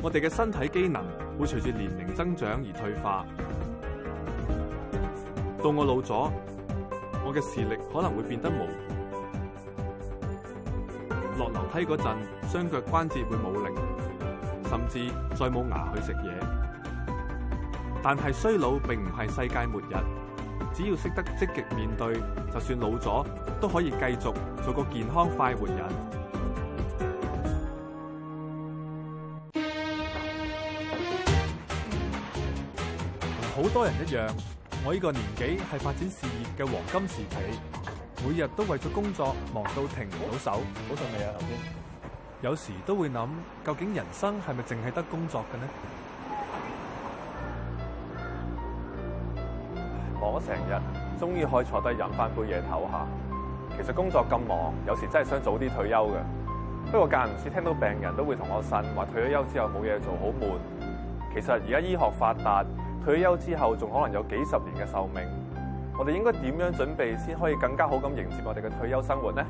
我哋嘅身體機能會隨住年齡增長而退化，到我老咗，我嘅視力可能會變得模糊，落樓梯嗰陣雙腳關節會冇力，甚至再冇牙去食嘢。但係衰老並唔係世界末日，只要識得積極面對，就算老咗都可以繼續做個健康快活人。很多人一樣，我呢個年紀係發展事業嘅黃金時期，每日都為咗工作忙到停唔到手。好順利啊！頭先有時都會諗，究竟人生係咪淨係得工作嘅呢？忙咗成日，終於可以坐低飲翻杯嘢唞下。其實工作咁忙，有時真係想早啲退休嘅。不過間唔時聽到病人都會同我呻話，退咗休之後冇嘢做，好悶。其實而家醫學發達。退休之後仲可能有幾十年嘅壽命，我哋應該點樣準備先可以更加好咁迎接我哋嘅退休生活咧？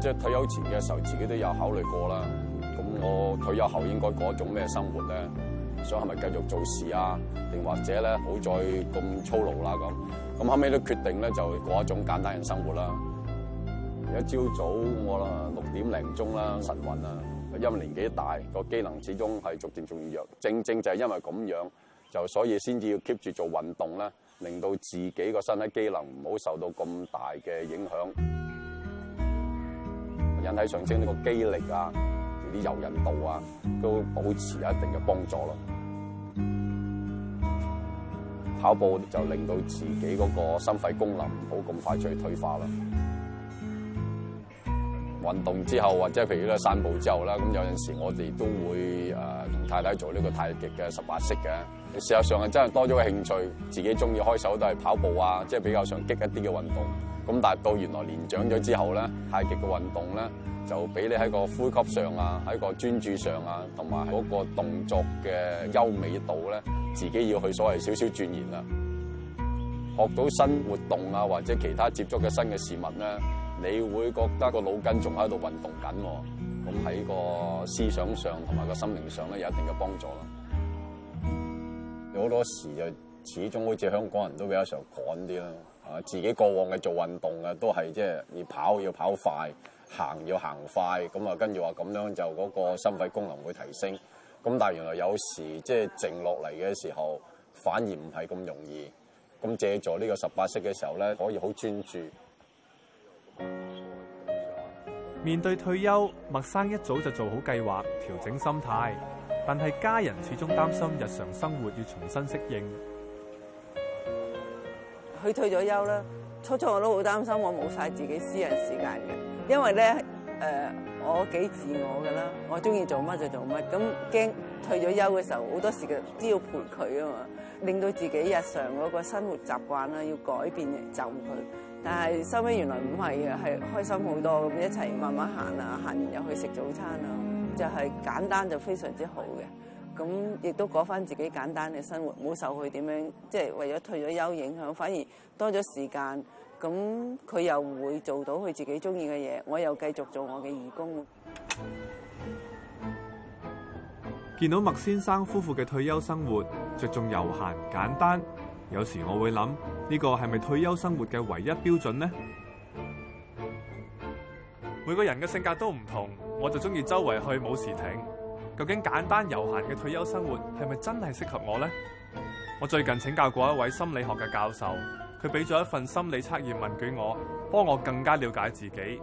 即係退休前嘅時候，自己都有考慮過啦。咁我退休後應該過一種咩生活咧？想係咪繼續做事啊？定或者咧，唔好再咁操勞啦、啊、咁。咁後尾都決定咧，就過一種簡單嘅生活啦。而家朝早我啊六點零鐘啦，晨運啊，因為年紀大，個機能始終係逐漸仲弱。正正就係因為咁樣，就所以先至要 keep 住做運動咧，令到自己個身體機能唔好受到咁大嘅影響。引體上升呢個肌力啊！啲柔韌度啊，都保持一定嘅幫助咯。跑步就令到自己嗰個心肺功能唔好咁快再退化啦。運動之後或者譬如咧散步之後啦，咁有陣時候我哋都會誒同、呃、太太做呢個太極嘅十八式嘅。事實上係真係多咗個興趣，自己中意開手都係跑步啊，即、就、係、是、比較常激一啲嘅運動。咁但係到原來年長咗之後咧，太極嘅運動咧就俾你喺個呼吸上啊，喺個專注上啊，同埋嗰個動作嘅優美度咧，自己要去所謂少少鑽研啦。學到新活動啊，或者其他接觸嘅新嘅事物咧，你會覺得個腦筋仲喺度運動緊喎。咁、嗯、喺個思想上同埋個心靈上咧，有一定嘅幫助啦。有好多時就始終好似香港人都比較常趕啲啦。啊！自己過往嘅做運動嘅都係即係要跑要跑快，行要行快，咁啊跟住話咁樣就嗰個心肺功能會提升。咁但係原來有時即係靜落嚟嘅時候，反而唔係咁容易。咁借助呢個十八式嘅時候咧，可以好專注。面對退休，麥生一早就做好計劃，調整心態。但係家人始終擔心日常生活要重新適應。佢退咗休啦，初初我都好擔心我冇晒自己的私人時間嘅，因為咧誒、呃，我幾自我噶啦，我中意做乜就做乜，咁驚退咗休嘅時候好多時嘅都要陪佢啊嘛，令到自己日常嗰個生活習慣啊要改變就唔去，但係收尾原來唔係嘅，係開心好多，咁一齊慢慢行啊，行完又去食早餐啊，就係、是、簡單就非常之好嘅。咁亦都過翻自己簡單嘅生活，冇受佢點樣，即係為咗退咗休影響，反而多咗時間。咁佢又會做到佢自己中意嘅嘢，我又繼續做我嘅義工。見到麥先生夫婦嘅退休生活，着重悠閒簡單。有時我會諗，呢個係咪退休生活嘅唯一標準呢？每個人嘅性格都唔同，我就中意周圍去，冇時停。究竟簡單悠閒嘅退休生活係咪真係適合我呢？我最近請教過一位心理學嘅教授，佢俾咗一份心理測驗問卷我，幫我更加了解自己，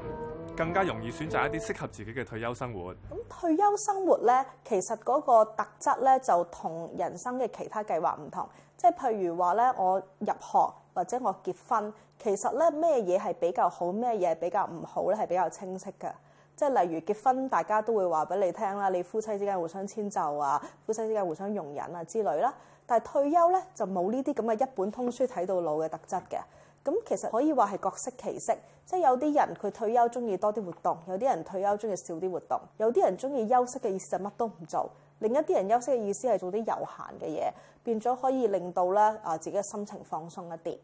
更加容易選擇一啲適合自己嘅退休生活。咁退休生活咧，其實嗰個特質咧就同人生嘅其他計劃唔同，即係譬如話咧，我入學或者我結婚，其實咧咩嘢係比較好，咩嘢比較唔好咧，係比較清晰嘅。即係例如結婚，大家都會話俾你聽啦，你夫妻之間互相遷就啊，夫妻之間互相容忍啊之類啦。但係退休咧就冇呢啲咁嘅一本通書睇到老嘅特質嘅。咁其實可以話係各適其適，即係有啲人佢退休中意多啲活動，有啲人退休中意少啲活動，有啲人中意休息嘅意思就乜都唔做，另一啲人休息嘅意思係做啲悠閒嘅嘢，變咗可以令到咧啊自己嘅心情放鬆一啲。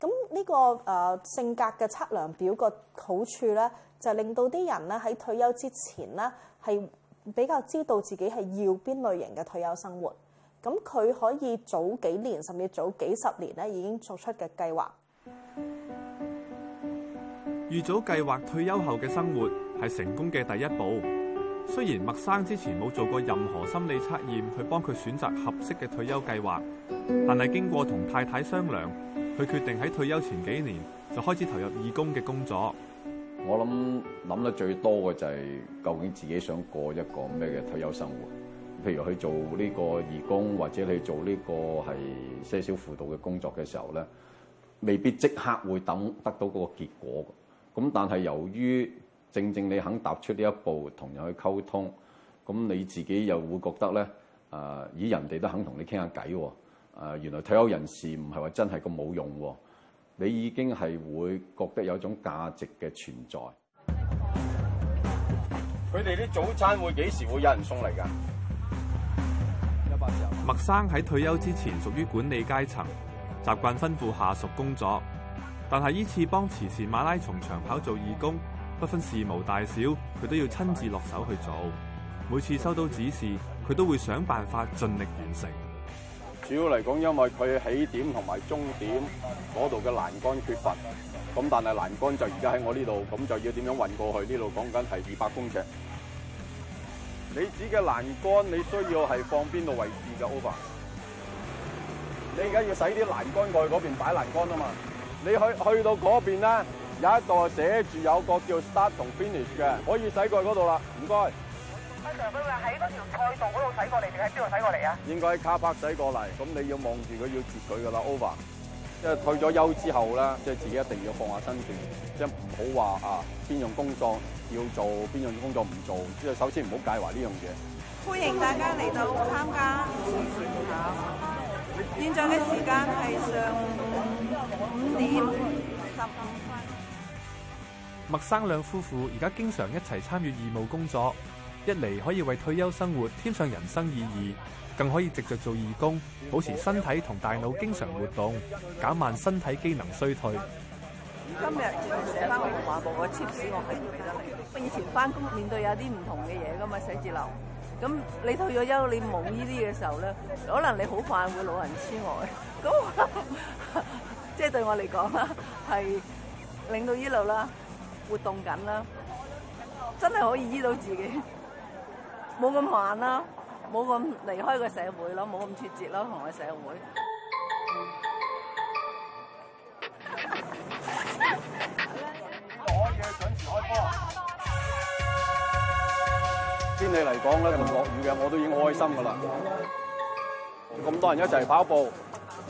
咁呢、這個誒、呃、性格嘅測量表個好處咧，就令到啲人咧喺退休之前咧，係比較知道自己係要邊類型嘅退休生活。咁佢可以早幾年甚至早幾十年咧，已經作出嘅計劃。預早計劃退休後嘅生活係成功嘅第一步。雖然麥生之前冇做過任何心理測驗去幫佢選擇合適嘅退休計劃，但係經過同太太商量，佢決定喺退休前幾年就開始投入義工嘅工作。我諗諗得最多嘅就係、是、究竟自己想過一個咩嘅退休生活？譬如去做呢個義工，或者去做呢個係些少輔導嘅工作嘅時候咧，未必即刻會等得到嗰個結果。咁但係由於正正你肯踏出呢一步，同人去溝通，咁你自己又會覺得咧，以、呃、人哋都肯同你傾下偈喎，原來退休人士唔係話真係咁冇用喎、哦。你已經係會覺得有種價值嘅存在。佢哋啲早餐會幾時會有人送嚟㗎？麥生喺退休之前屬於管理階層，習慣吩咐下屬工作。但係依次幫慈善馬拉松長跑做義工，不分事務大小，佢都要親自落手去做。每次收到指示，佢都會想辦法盡力完成。主要嚟講，因為佢起點同埋終點嗰度嘅欄杆缺乏，咁但係欄杆就而家喺我呢度，咁就要點樣運過去呢度？講緊係二百公尺。你指嘅欄杆，你需要係放邊度位置嘅？Over，你而家要使啲欄杆過去嗰邊擺欄杆啊嘛？你去去到嗰邊咧，有一度寫住有個叫 Start 同 Finish 嘅，可以使過去嗰度啦。唔該。阿話喺嗰條賽道嗰度睇過嚟，定喺邊度睇過嚟啊？應該喺卡帕仔過嚟，咁你要望住佢要截佢噶啦。Over，即係退咗休之後咧，即係自己一定要放下身段，即係唔好話啊邊樣工作要做，邊樣工作唔做，即係首先唔好介懷呢樣嘢。歡迎大家嚟到參加短跑，現在嘅時間係上午五點十五分。麥生兩夫婦而家經常一齊參與義務工作。一嚟可以為退休生活添上人生意義，更可以藉着做義工，保持身體同大腦經常活動，減慢身體機能衰退。今日寫翻個漫畫簿，我黐屎我都要得嚟。我以前翻工面對有啲唔同嘅嘢噶嘛，寫字樓。咁你退咗休，你冇呢啲嘅時候咧，可能你好快會老人痴呆。咁即係對我嚟講啦，係令到呢度啦，活動緊啦，真係可以醫到自己。冇咁慢啦，冇咁離開個社會咯，冇咁脫節咯，同個社會呢個可以啊，嗯、 準時開波啊！天氣嚟講咧，唔落雨嘅我都已經開心噶啦。咁 多人一齊跑步，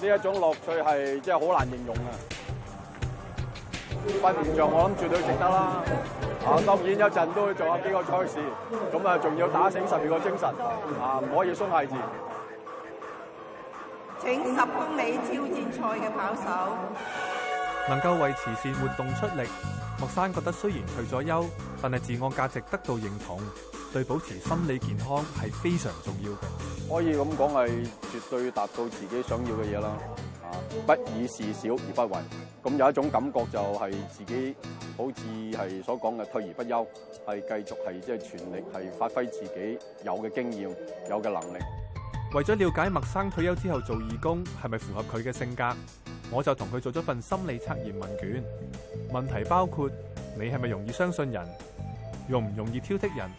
呢一種樂趣係即係好難形容啊！八年像我諗絕對值得啦。啊，當然有陣都會做下幾個賽事，咁啊，仲要打醒十二個精神，啊，唔可以鬆懈字，請十公里挑戰賽嘅跑手能夠為慈善活動出力，莫山覺得雖然退咗休，但係自我價值得到認同，對保持心理健康係非常重要嘅。可以咁講係絕對達到自己想要嘅嘢啦。不以事小而不為，咁有一種感覺就係自己好似係所講嘅退而不休，係繼續係即係全力係發揮自己有嘅經驗、有嘅能力。為咗了解麥生退休之後做義工係咪符合佢嘅性格，我就同佢做咗份心理測驗問卷，問題包括你係咪容易相信人，容唔容易挑剔人，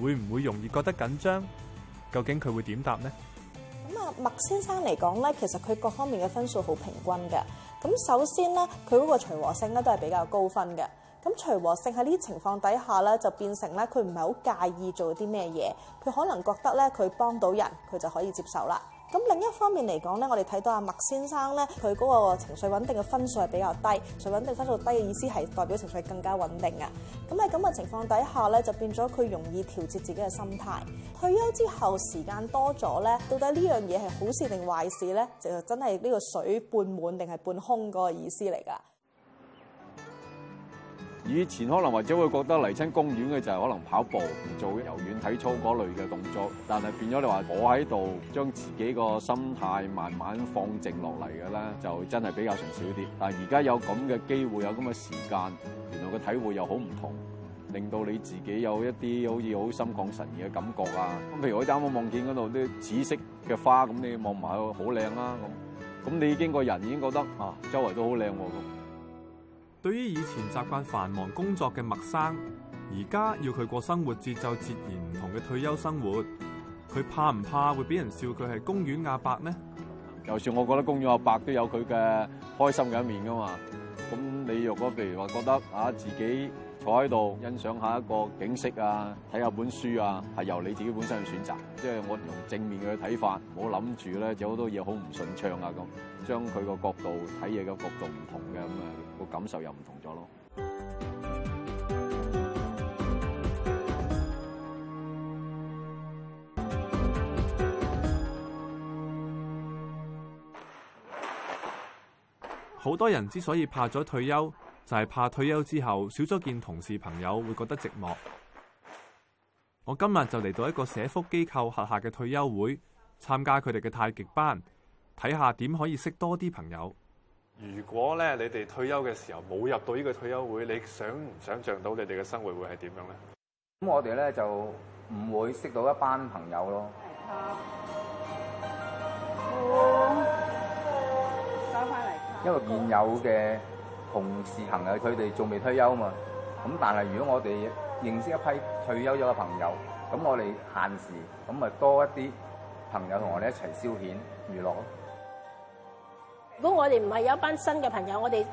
會唔會容易覺得緊張？究竟佢會點答呢？麥先生嚟講咧，其實佢各方面嘅分數好平均嘅。咁首先咧，佢嗰個隨和性咧都係比較高分嘅。咁隨和性喺呢啲情況底下咧，就變成咧佢唔係好介意做啲咩嘢，佢可能覺得咧佢幫到人，佢就可以接受啦。咁另一方面嚟講咧，我哋睇到阿麥先生咧，佢嗰個情緒穩定嘅分數係比較低，情緒穩定分數低嘅意思係代表情緒更加穩定啊。咁喺咁嘅情況底下咧，就變咗佢容易調節自己嘅心態。退休之後時間多咗咧，到底呢樣嘢係好事定壞事咧？就真係呢個水半滿定係半空個意思嚟㗎。以前可能或者會覺得嚟親公園嘅就係可能跑步、唔做柔軟體操嗰類嘅動作，但係變咗你話我喺度將自己個心態慢慢放靜落嚟嘅咧，就真係比較純少啲。但係而家有咁嘅機會，有咁嘅時間，原來個體會又好唔同，令到你自己有一啲好似好心曠神怡嘅感覺啊。咁譬如我啱啱望見嗰度啲紫色嘅花，咁你望埋好靚啦。咁咁你已經個人已經覺得啊，周圍都好靚喎。對於以前習慣繁忙工作嘅默生，而家要佢過生活節奏截然唔同嘅退休生活，佢怕唔怕會俾人笑佢係公園阿伯呢？就算我覺得公園阿伯都有佢嘅開心嘅一面噶嘛。咁你若果譬如話覺得啊，自己坐喺度欣賞下一個景色啊，睇下本書啊，係由你自己本身去選擇。即係我用正面嘅睇法，唔好諗住咧，有好多嘢好唔順暢啊咁，將佢個角度睇嘢嘅角度唔同嘅咁啊。感受又唔同咗咯。好多人之所以怕咗退休，就係怕退休之後少咗見同事朋友，會覺得寂寞。我今日就嚟到一個社福機構轄下嘅退休會，參加佢哋嘅太極班，睇下點可以識多啲朋友。如果咧，你哋退休嘅時候冇入到呢個退休會，你想唔想像到你哋嘅生活會係點樣咧？咁我哋咧就唔會識到一班朋友咯。因為現有嘅同事朋友佢哋仲未退休嘛。咁但係如果我哋認識一批退休咗嘅朋友，咁我哋閒時咁咪多一啲朋友同我哋一齊消遣娛樂咯。如果我哋唔係有一班新嘅朋友，我哋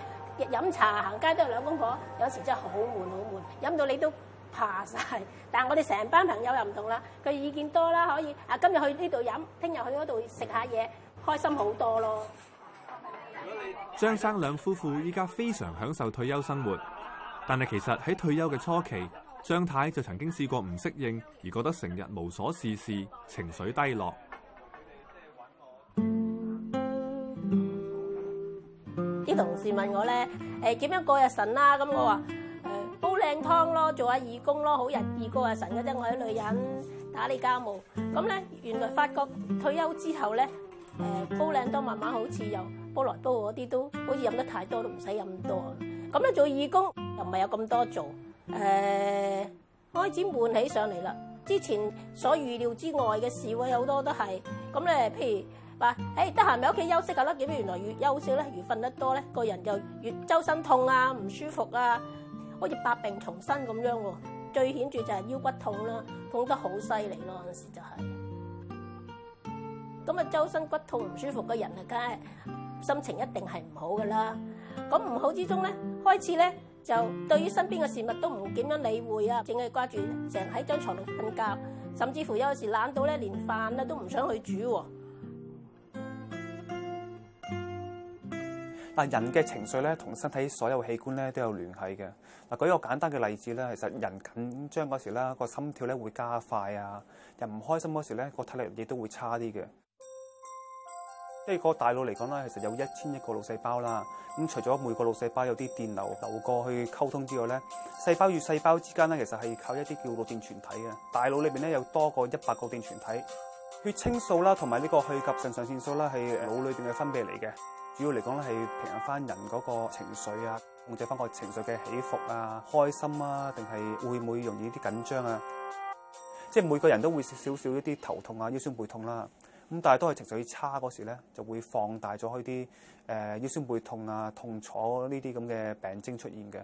飲茶行街都係兩公婆，有時真係好悶好悶，飲到你都怕晒。但係我哋成班朋友又唔同啦，佢意見多啦，可以啊，今日去呢度飲，聽日去嗰度食下嘢，開心好多咯。張生兩夫婦依家非常享受退休生活，但係其實喺退休嘅初期，張太就曾經試過唔適應，而覺得成日無所事事，情緒低落。同事問我咧，誒點樣過日神啦、啊？咁、嗯、我話誒、呃、煲靚湯咯，做下義工咯，好日過日神嘅啫。我啲女人打理家務，咁、嗯、咧原來發覺退休之後咧，誒、呃、煲靚湯慢慢好似又煲來煲嗰啲，都好似飲得太多，都唔使飲咁多。咁、嗯、咧做義工又唔係有咁多做，誒、呃、開始悶起上嚟啦。之前所預料之外嘅事，會有好多都係咁咧，譬、嗯、如。話誒得閒咪屋企休息下啦。點解原來越休息咧越瞓得多咧，個人就越周身痛啊，唔舒服啊，好似百病重生咁樣喎。最顯著就係腰骨痛啦，痛得好犀利咯，有時就係咁啊。周身骨痛唔舒服嘅人啊，梗係心情一定係唔好噶啦。咁唔好之中咧，開始咧就對於身邊嘅事物都唔點樣理會啊，淨係掛住成日喺張床度瞓覺，甚至乎有時懶到咧連飯都唔想去煮喎。但人嘅情緒咧，同身體所有器官咧都有聯繫嘅。嗱，舉一個簡單嘅例子咧，其實人緊張嗰時咧，個心跳咧會加快啊；人唔開心嗰時咧，個體力亦都會差啲嘅。即係個大腦嚟講咧，其實有一千億個腦細胞啦。咁除咗每個腦細胞有啲電流流過去溝通之外咧，細胞與細胞之間咧其實係靠一啲叫腦電傳體嘅。大腦裏邊咧有多過一百個電傳體。血清素啦，同埋呢個去甲腎上腺素啦，係腦裏邊嘅分泌嚟嘅。主要嚟講咧，係平衡翻人嗰個情緒啊，控制翻個情緒嘅起伏啊，開心啊，定係會唔會容易啲緊張啊？即係每個人都會少少一啲頭痛啊、腰痠背痛啦。咁但係都係情緒差嗰時咧，就會放大咗開啲誒腰痠背痛啊、痛楚呢啲咁嘅病徵出現嘅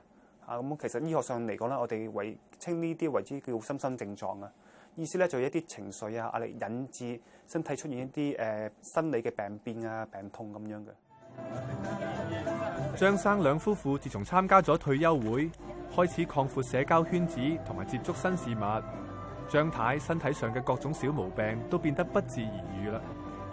啊。咁其實醫學上嚟講咧，我哋為稱呢啲為之叫心身症狀啊。意思咧就係一啲情緒啊、壓力引致身體出現一啲誒生理嘅病變啊、病痛咁樣嘅。張生兩夫婦自從參加咗退休會，開始擴闊社交圈子同埋接觸新事物。張太太身體上嘅各種小毛病都變得不治而癒啦。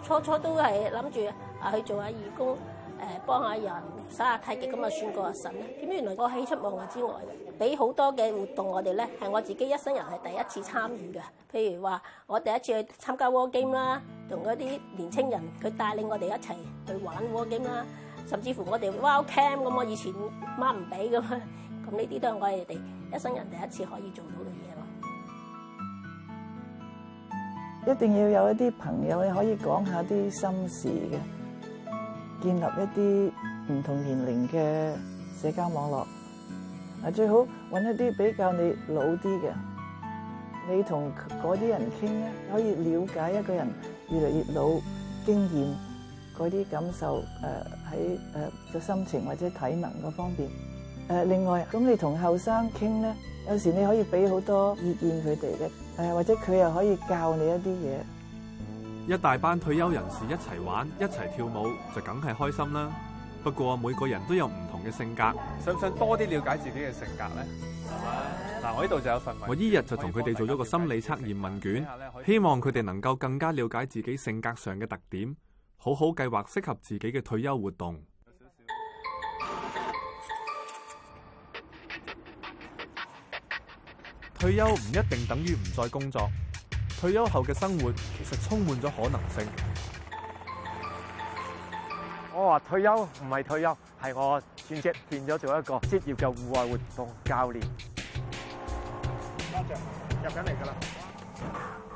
初初都係諗住啊去做下義工。誒幫下人，耍下太極咁啊，就算過神咧。點知原來我喜出望外之外，俾好多嘅活動我哋咧，係我自己一生人係第一次參與嘅。譬如話，我第一次去參加 War Game 啦，同嗰啲年青人佢帶領我哋一齊去玩 War Game 啦，甚至乎我哋 Wild Cam 咁，我以前媽唔俾咁啊，咁呢啲都係我哋一生人第一次可以做到嘅嘢咯。一定要有一啲朋友可以講下啲心事嘅。建立一啲唔同年齡嘅社交網絡，啊最好揾一啲比較你老啲嘅，你同嗰啲人傾咧，可以了解一個人越嚟越老經驗嗰啲感受，誒喺誒個心情或者體能嗰方面。誒、呃、另外，咁你同後生傾咧，有時你可以俾好多意見佢哋嘅，誒、呃、或者佢又可以教你一啲嘢。一大班退休人士一齊玩一齊跳舞就梗係開心啦。不過每個人都有唔同嘅性格，想唔想多啲了解自己嘅性格呢？嗱吧，我呢度就有份。我呢日就同佢哋做咗個心理測驗問卷，希望佢哋能夠更加了解自己性格上嘅特點，好好計劃適合自己嘅退休活動。退休唔一定等於唔再工作。退休後嘅生活其實充滿咗可能性。我話退休唔係退休，係我轉職變咗做一個職業嘅戶外活動教練。班入緊嚟噶啦。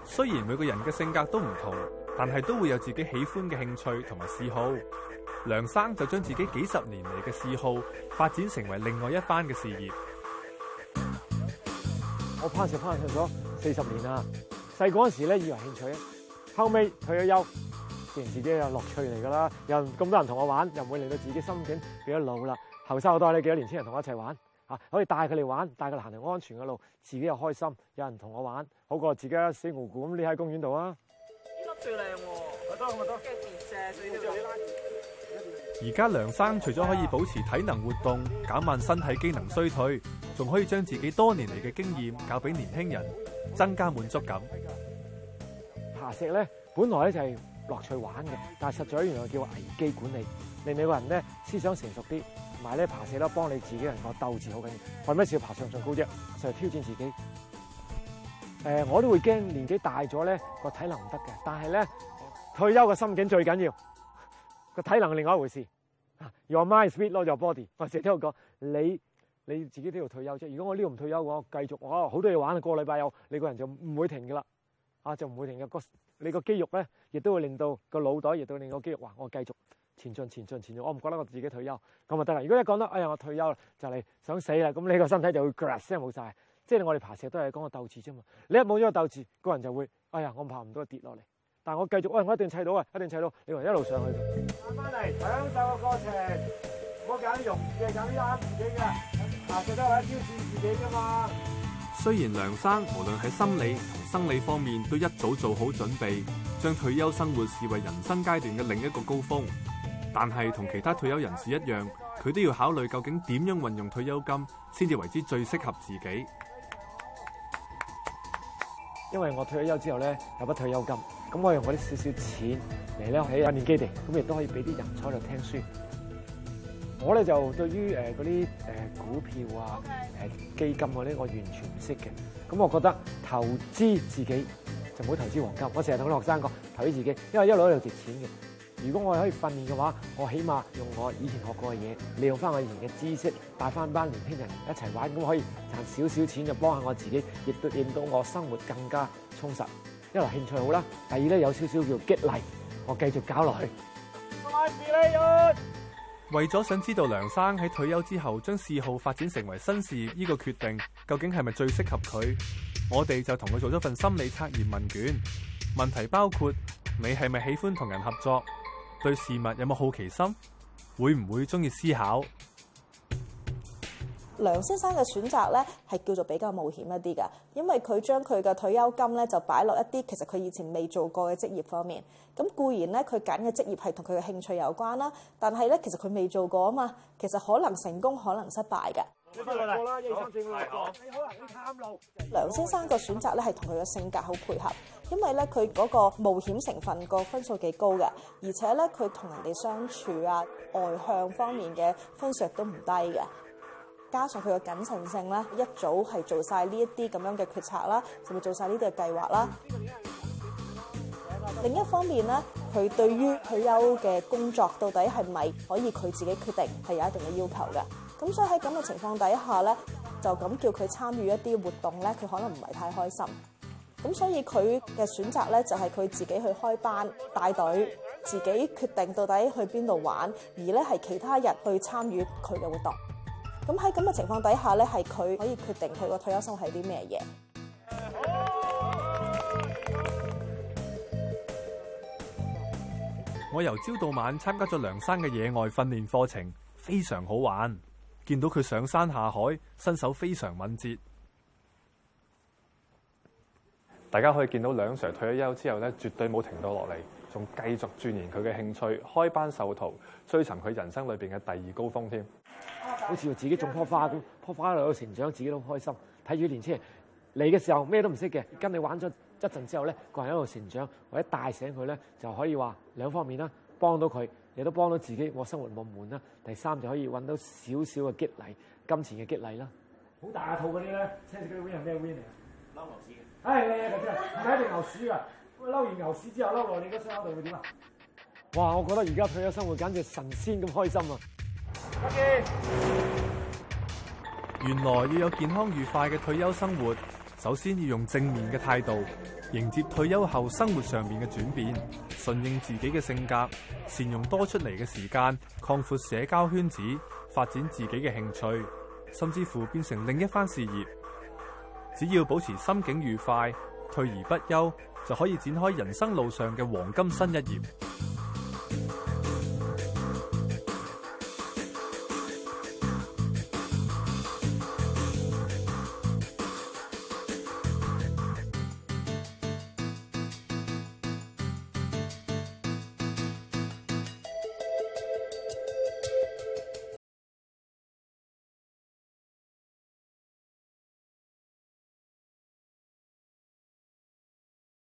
雖然每個人嘅性格都唔同，但係都會有自己喜歡嘅興趣同埋嗜好。梁生就將自己幾十年嚟嘅嗜好發展成為另外一番嘅事業。我攀石攀石咗四十年啦。細個時咧，以為興趣，後尾退咗休，自然自己有樂趣嚟噶啦。有咁多人同我玩，又唔會令到自己心境變咗老啦。後生好多，你幾多年輕人同我一齊玩，玩，吓可以帶佢嚟玩，帶佢行嚟安全嘅路，自己又開心，有人同我玩，好過自己死無辜咁匿喺公園度啊！呢粒最靚喎，我得我得。而家梁生除咗可以保持體能活動，減慢身體機能衰退，仲可以將自己多年嚟嘅經驗教俾年輕人，增加滿足感。爬石咧，本來咧就係樂趣玩嘅，但係實在原來叫危機管理，令你個人咧思想成熟啲，同埋咧爬石咯，幫你自己人個鬥志好緊要。為咩事要爬上高上高啫？就係挑戰自己。誒、呃，我都會驚年紀大咗咧個體能唔得嘅，但係咧退休嘅心境最緊要。個體能係另外一回事，your mind speed 咯，your body，我成日聽我講，你你自己都要退休啫。如果我呢度唔退休嘅話，我繼續，我好多嘢玩啊，個禮拜有，你個人就唔會停噶啦，啊，就唔會停嘅個，你個肌肉咧，亦都會令到個腦袋，亦都會令個肌肉，哇，我繼續前進，前進，前進，我唔覺得我自己退休，咁啊得啦。如果一講得，哎呀，我退休啦，就嚟想死啦，咁你個身體就會 collapse，即係冇晒。即係我哋爬石都係講個鬥志啫嘛，你一冇咗個鬥志，個人就會，哎呀，我爬唔到，跌落嚟。但我繼續，我一定砌到啊，一定砌到。你話一路上去。慢翻嚟享受個過程，冇咁容易嘅，咁難唔易嘅，咁其實都係挑戰自己咋嘛。雖然梁生無論喺心理同生理方面都一早做好準備，將退休生活視為人生階段嘅另一個高峰，但係同其他退休人士一樣，佢都要考慮究竟點樣運用退休金先至為之最適合自己。因為我退咗休之後咧，有筆退休金。咁我用我啲少少錢嚟咧喺訓練基地，咁亦都可以俾啲人坐喺度聽書我呢。我咧就對於嗰啲股票啊、Okay. 基金啊呢，我完全唔識嘅。咁我覺得投資自己就唔好投資黃金。我成日同啲學生講投資自己，因為一路喺度值錢嘅。如果我可以訓練嘅話，我起碼用我以前學過嘅嘢，利用翻我以前嘅知識，帶翻班年輕人一齊玩，咁可以賺少少錢，就幫下我自己，亦都令到我生活更加充實。一嚟興趣好啦，第二咧有少少叫激勵，我繼續搞落去。為咗想知道梁生喺退休之後，將嗜好發展成為新事業呢個決定，究竟係咪最適合佢？我哋就同佢做咗份心理測驗問卷，問題包括你係咪喜歡同人合作？對事物有冇好奇心？會唔會中意思考？梁先生嘅選擇咧係叫做比較冒險一啲嘅，因為佢將佢嘅退休金咧就擺落一啲其實佢以前未做過嘅職業方面。咁固然咧佢揀嘅職業係同佢嘅興趣有關啦，但係咧其實佢未做過啊嘛，其實可能成功可能失敗嘅。你翻嚟過啦，要相處過，你可能會貪攏。梁先生個選擇咧係同佢嘅性格好配合，因為咧佢嗰個冒險成分個分數幾高嘅，而且咧佢同人哋相處啊外向方面嘅分數都唔低嘅。加上佢嘅謹慎性咧，一早係做晒呢一啲咁樣嘅決策啦，甚至做晒呢啲嘅計劃啦。另一方面咧，佢對於退休嘅工作到底係咪可以佢自己決定，係有一定嘅要求嘅。咁所以喺咁嘅情況底下咧，就咁叫佢參與一啲活動咧，佢可能唔係太開心。咁所以佢嘅選擇咧，就係佢自己去開班帶隊，自己決定到底去邊度玩，而咧係其他人去參與佢嘅活動。咁喺咁嘅情況底下咧，係佢可以決定佢個退休生活係啲咩嘢。我由朝到晚參加咗梁生嘅野外訓練課程，非常好玩。見到佢上山下海，身手非常敏捷。大家可以見到梁 Sir 退咗休之後咧，絕對冇停到落嚟，仲繼續鑽研佢嘅興趣，開班授徒，追尋佢人生裏邊嘅第二高峰添。好似自己種棵花咁，棵花喺度成長，自己都開心。睇住年輕人嚟嘅時候咩都唔識嘅，跟你玩咗一陣之後咧，個人喺度成長，或者帶醒佢咧，就可以話兩方面啦，幫到佢，亦都幫到自己，我生活冇悶啦。第三就可以揾到少少嘅激勵，金錢嘅激勵啦。好大套嗰啲咧，青色嗰啲 w i 咩 Win 嚟啊？撈牛屎嘅，係啊、哎，係啊，係啊，唔係一定牛屎噶。撈完牛屎之後撈落你嗰箱度會點啊？哇，我覺得而家退休生活簡直神仙咁開心啊！原來要有健康愉快嘅退休生活，首先要用正面嘅態度迎接退休後生活上面嘅轉變，順應自己嘅性格，善用多出嚟嘅時間，擴闊社交圈子，發展自己嘅興趣，甚至乎變成另一番事業。只要保持心境愉快，退而不休，就可以展開人生路上嘅黃金新一頁。